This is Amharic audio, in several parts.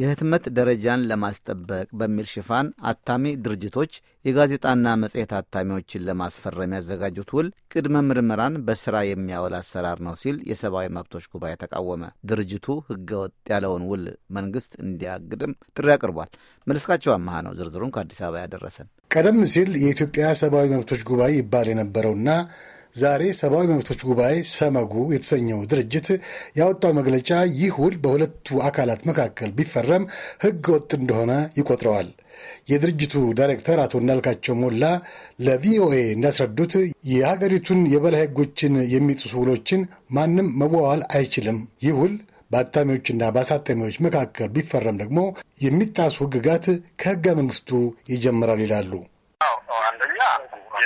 የህትመት ደረጃን ለማስጠበቅ በሚል ሽፋን አታሚ ድርጅቶች የጋዜጣና መጽሔት አታሚዎችን ለማስፈረም ያዘጋጁት ውል ቅድመ ምርመራን በስራ የሚያውል አሰራር ነው ሲል የሰብአዊ መብቶች ጉባኤ ተቃወመ። ድርጅቱ ህገወጥ ያለውን ውል መንግስት እንዲያግድም ጥሪ አቅርቧል። መለስካቸው አመሀ ነው ዝርዝሩን ከአዲስ አበባ ያደረሰን። ቀደም ሲል የኢትዮጵያ ሰብአዊ መብቶች ጉባኤ ይባል የነበረውና ዛሬ ሰብአዊ መብቶች ጉባኤ ሰመጉ የተሰኘው ድርጅት ያወጣው መግለጫ ይህ ውል በሁለቱ አካላት መካከል ቢፈረም ሕገ ወጥ እንደሆነ ይቆጥረዋል። የድርጅቱ ዳይሬክተር አቶ እንዳልካቸው ሞላ ለቪኦኤ እንዳስረዱት የሀገሪቱን የበላይ ሕጎችን የሚጥሱ ውሎችን ማንም መዋዋል አይችልም። ይህ ውል በአታሚዎችና በአሳታሚዎች መካከል ቢፈረም ደግሞ የሚጣሱ ሕግጋት ከሕገ መንግስቱ ይጀምራል ይላሉ።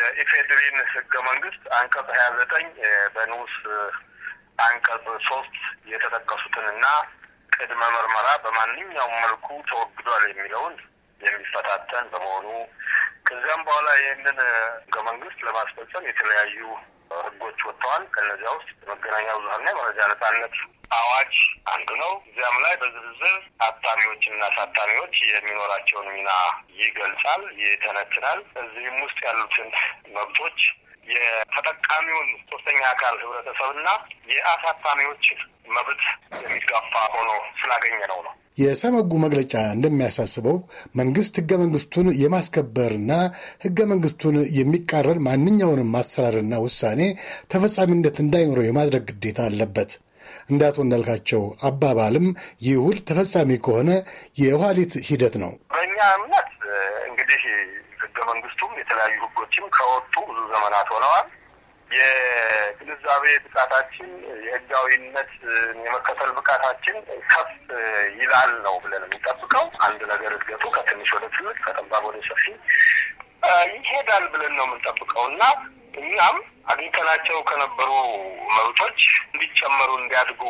የኢፌድሪን ህገ መንግስት አንቀጽ ሀያ ዘጠኝ በንዑስ አንቀጽ ሶስት እና ቅድመ ምርመራ በማንኛውም መልኩ ተወግዷል የሚለውን የሚፈታተን በመሆኑ ከዚያም በኋላ ይህንን ህገ መንግስት ለማስፈጸም የተለያዩ ህጎች ወጥተዋል። ከነዚያ ውስጥ መገናኛ ብዙኃንና የመረጃ ነጻነት አዋጅ አንዱ ነው። እዚያም ላይ በዝርዝር አታሚዎችና አሳታሚዎች የሚኖራቸውን ሚና ይገልጻል፣ ይተነትናል። እዚህም ውስጥ ያሉትን መብቶች የተጠቃሚውን ሶስተኛ አካል ህብረተሰብና የአሳታሚዎች መብት የሚጋፋ ሆኖ ስላገኘ ነው ነው። የሰመጉ መግለጫ እንደሚያሳስበው መንግስት ህገ መንግስቱን የማስከበርና ህገ መንግስቱን የሚቃረን ማንኛውንም አሰራርና ውሳኔ ተፈጻሚነት እንዳይኖረው የማድረግ ግዴታ አለበት። እንደ አቶ እንዳልካቸው አባባልም ይህ ውል ተፈጻሚ ከሆነ የኋሊት ሂደት ነው። በእኛ እምነት እንግዲህ ህገ መንግስቱም የተለያዩ ህጎችም ከወጡ ብዙ ዘመናት ሆነዋል። የግንዛቤ ብቃታችን የህጋዊነት የመከተል ብቃታችን ከፍ ይላል ነው ብለን የሚጠብቀው አንድ ነገር እድገቱ ከትንሽ ወደ ትልቅ ከጠባብ ወደ ሰፊ ይሄዳል ብለን ነው የምንጠብቀው እና እኛም አግኝተናቸው ከነበሩ መብቶች እንዲጨመሩ እንዲያድጉ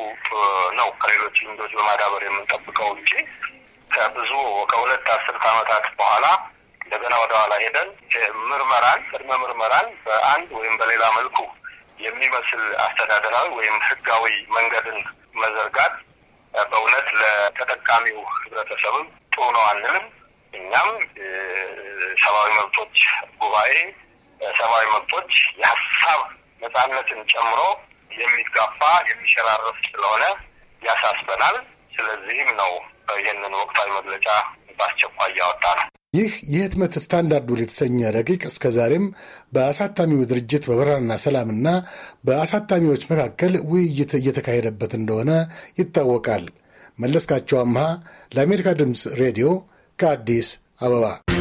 ነው ከሌሎች ልምዶች በማዳበር የምንጠብቀው እንጂ ከብዙ ከሁለት አስርት ዓመታት በኋላ እንደገና ወደኋላ ሄደን ምርመራን ቅድመ ምርመራን በአንድ ወይም በሌላ መልኩ የሚመስል አስተዳደራዊ ወይም ሕጋዊ መንገድን መዘርጋት በእውነት ለተጠቃሚው ሕብረተሰብም ጥሩ ነው አንልም። እኛም ሰብአዊ መብቶች ጉባኤ ሰብአዊ መብቶች የሀሳብ ነጻነትን ጨምሮ የሚጋፋ የሚሸራረፍ ስለሆነ ያሳስበናል። ስለዚህም ነው ይህንን ወቅታዊ መግለጫ በአስቸኳይ እያወጣ ነው። ይህ የህትመት ስታንዳርድ ውል የተሰኘ ረቂቅ እስከ ዛሬም በአሳታሚው ድርጅት በብርሃንና ሰላምና በአሳታሚዎች መካከል ውይይት እየተካሄደበት እንደሆነ ይታወቃል። መለስካቸው አምሃ ለአሜሪካ ድምፅ ሬዲዮ ከአዲስ አበባ